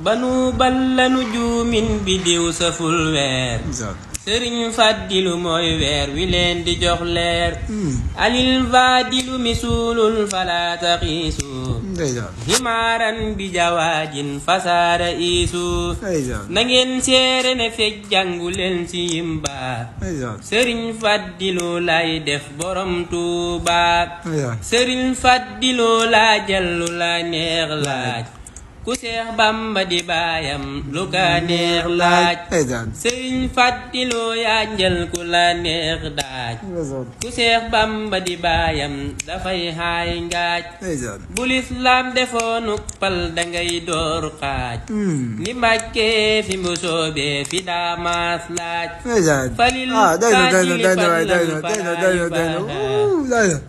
banu bal lanu juumin bi diw saful weer sëriñ fàddilu mooy weer wi leen di jox leer hmm. alil vaadilu misulul fala taxiisu himaaran bi jawaajin fasaara iisu na ngeen seere ne fekk jàngu leen si yimba sëriñ fàddilu lay def borom tuuba sëriñ fàddilu laa jallu la neex laaj ku seex bamba di baayam lu ka neex laaj sëriñ fàttiloo yaa njël ku la neex daaj ku seex bamba di baayam dafay xaay ngaaj bu lislaam defoonuk pal dangay door xaaj hmm. ni mbàkkee fi mu soobee fi daa maas laaj falil falil falil falil